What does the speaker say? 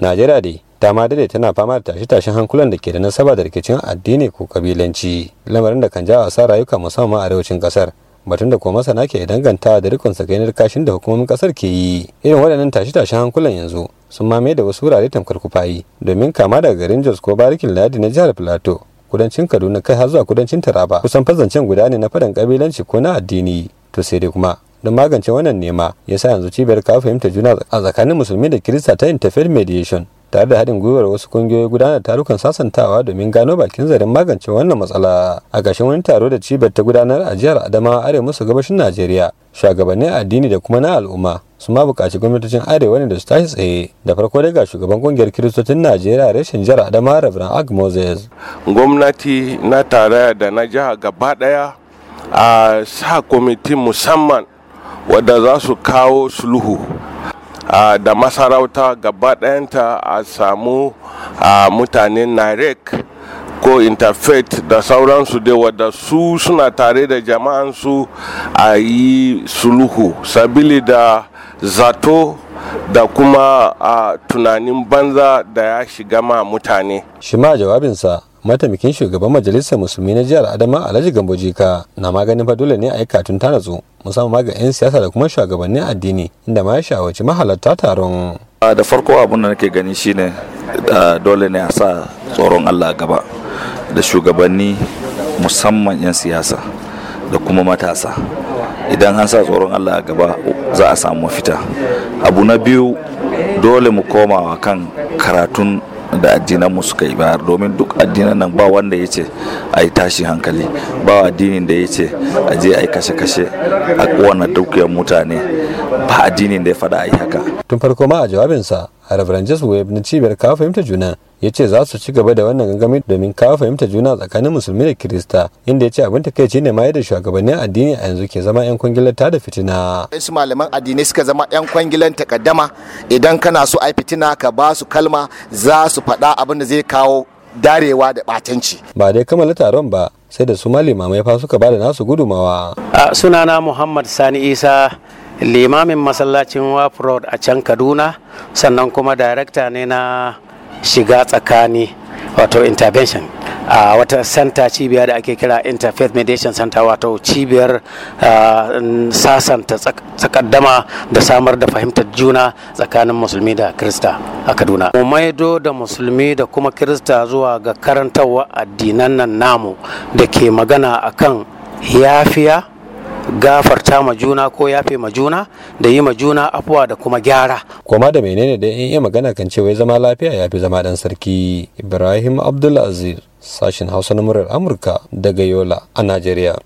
najeriya dai ta ma dade tana fama da tashe-tashen hankulan da ke da nasaba da rikicin addini ko kabilanci lamarin da kan jawo sa rayuka musamman a arewacin kasar batun da kuma masana ke danganta da rikon sakainar kashin da hukumomin kasar ke yi irin waɗannan tashe-tashen hankulan yanzu sun mame da wasu wurare tamkar kufayi domin kama daga garin jos ko barikin ladi na jihar plateau kudancin kaduna kai har zuwa kudancin taraba kusan fazancen guda ne na faɗan kabilanci ko na addini to sai dai kuma don magance wannan nema ya sa yanzu cibiyar kawo fahimta juna a tsakanin musulmi da kirista ta interfaith mediation tare da haɗin gwiwar wasu kungiyoyi gudanar tarukan sasantawa domin gano bakin zarin magance wannan matsala a ƙarshen wani taro da cibiyar ta gudanar a jihar adamawa arewa musu gabashin najeriya shugabannin addini da kuma na al'umma su ma buƙaci gwamnatocin arewa ne da su tashi tsaye da farko daga shugaban ƙungiyar kiristocin najeriya reshen jihar adamawa reverend ag moses gwamnati na tarayya da na jiha gaba ɗaya a sa kwamitin musamman wadda za su kawo sulhu da masarauta gabaɗayanta a samu a mutanen narek ko interfaith da sauransu dai wadda su suna tare da jama'ansu a yi sulhu sabili da zato da kuma a tunanin banza da ya shiga ma mutane. Shi ma jawabinsa mataimakin shugaban majalisar musulmi na jihar adama alhaji gambo jika na maganin fa dole ne a yi katun tanazo musamman ga 'yan siyasa da kuma shugabannin addini inda ma ya shawarci mahalarta taron da farko abin da nake gani shine dole ne a sa tsoron allah gaba da shugabanni musamman 'yan siyasa da kuma matasa idan an sa tsoron allah gaba za a samu mafita abu na biyu dole mu komawa kan karatun da addinan mu suka yi bayar domin duk addinan nan ba wanda ya ce a yi tashi hankali ba addinin da ya ce a je a yi kashe-kashe a kowane dukiyar mutane ba addinin da ya faɗa a yi haka tun farko ma a jawabinsa a rabaran jesu na cibiyar kawo fahimta juna ya ce za su ci gaba da wannan gangami domin kawo fahimta juna tsakanin musulmi da kirista inda ya ce abin ta ci ne ma da shugabannin addini a yanzu ke zama yan kwangilar ta da fitina su malaman addini suka zama yan kwangilar takaddama idan kana so ai fitina ka ba su kalma za su faɗa abin da zai kawo darewa da ɓatanci. ba dai kammala taron ba sai da su malamai fa suka bada nasu gudumawa sunana muhammad sani isa limamin masallacin wafrod a can kaduna sannan kuma darakta ne na shiga tsakani wato intervention a wata santa cibiyar da ake kira interfaith mediation center wato cibiyar sasanta tsakaddama da samar da fahimtar juna tsakanin musulmi da krista a kaduna mu maido da musulmi da kuma krista zuwa ga karantarwa addinan nan namu da ke magana akan yafiya gafarta ma juna ko yafe ma juna da yi ma juna afuwa da kuma gyara. Koma da menene da in iya magana kan cewa zama lafiya ya fi zama dan sarki Ibrahim Abdulaziz sashin Hausa na murar Amurka daga Yola a Najeriya.